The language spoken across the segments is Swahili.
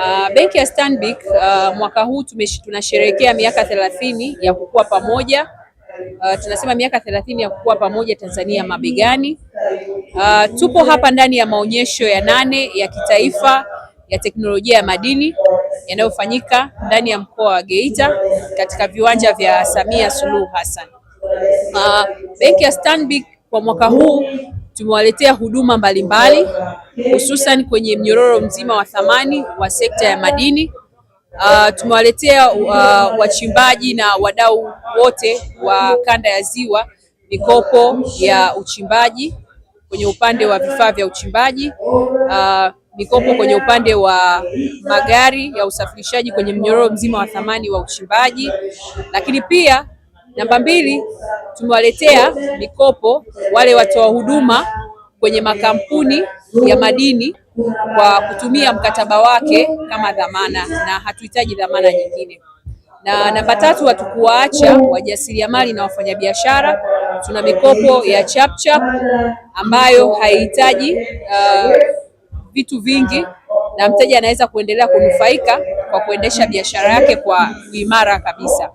Uh, benki ya Stanbic uh, mwaka huu tunasherehekea miaka thelathini ya kukua pamoja. Uh, tunasema miaka thelathini ya kukua pamoja Tanzania mabegani. Uh, tupo hapa ndani ya maonyesho ya nane ya kitaifa ya teknolojia ya madini yanayofanyika ndani ya mkoa wa Geita katika viwanja vya Samia Suluhu Hassan. Uh, benki ya Stanbic kwa mwaka huu tumewaletea huduma mbalimbali hususan kwenye mnyororo mzima wa thamani wa sekta ya madini. Uh, tumewaletea uh, wachimbaji na wadau wote wa kanda ya Ziwa mikopo ya uchimbaji kwenye upande wa vifaa vya uchimbaji, uh, mikopo kwenye upande wa magari ya usafirishaji kwenye mnyororo mzima wa thamani wa uchimbaji, lakini pia namba mbili tumewaletea mikopo wale watoa huduma kwenye makampuni ya madini kwa kutumia mkataba wake kama dhamana, na hatuhitaji dhamana nyingine. Na namba tatu, hatukuwaacha wajasiriamali na wafanyabiashara. Tuna mikopo ya Chapchap ambayo haihitaji uh, vitu vingi na mteja anaweza kuendelea kunufaika kwa kuendesha biashara yake kwa uimara kabisa.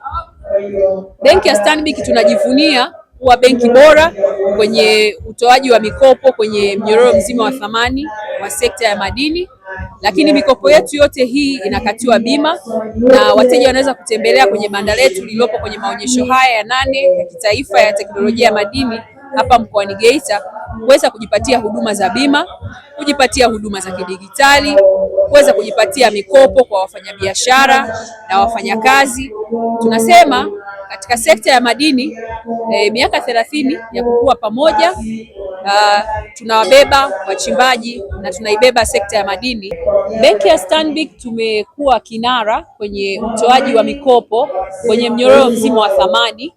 Benki ya Stanbic tunajivunia kuwa benki bora kwenye utoaji wa mikopo kwenye mnyororo mzima wa thamani wa sekta ya madini, lakini mikopo yetu yote hii inakatiwa bima na wateja wanaweza kutembelea kwenye banda letu lililopo kwenye maonyesho haya ya nane ya kitaifa ya teknolojia ya madini hapa mkoani Geita kuweza kujipatia huduma za bima, kujipatia huduma za kidigitali, kuweza kujipatia mikopo kwa wafanyabiashara na wafanyakazi. Tunasema katika sekta ya madini e, miaka thelathini ya kukua pamoja. Uh, tunawabeba wachimbaji na tunaibeba sekta ya madini. Benki ya Stanbic tumekuwa kinara kwenye utoaji wa mikopo kwenye mnyororo mzima wa thamani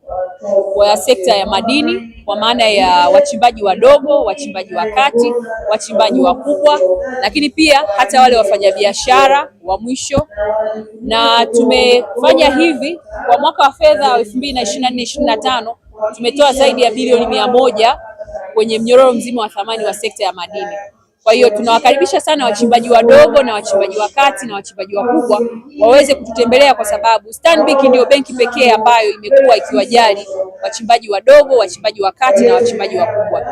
kwa sekta ya madini kwa maana ya wachimbaji wadogo, wachimbaji wa kati, wachimbaji wakubwa, lakini pia hata wale wafanyabiashara wa mwisho. Na tumefanya hivi kwa mwaka wa fedha elfu mbili na ishirini na nne ishirini na tano tumetoa zaidi ya bilioni mia moja kwenye mnyororo mzima wa thamani wa sekta ya madini. Kwa hiyo tunawakaribisha sana wachimbaji wadogo na wachimbaji wa kati na wachimbaji wakubwa waweze kututembelea, kwa sababu Stanbic ndio benki pekee ambayo imekuwa ikiwajali wachimbaji wadogo, wachimbaji wa kati na wachimbaji wakubwa.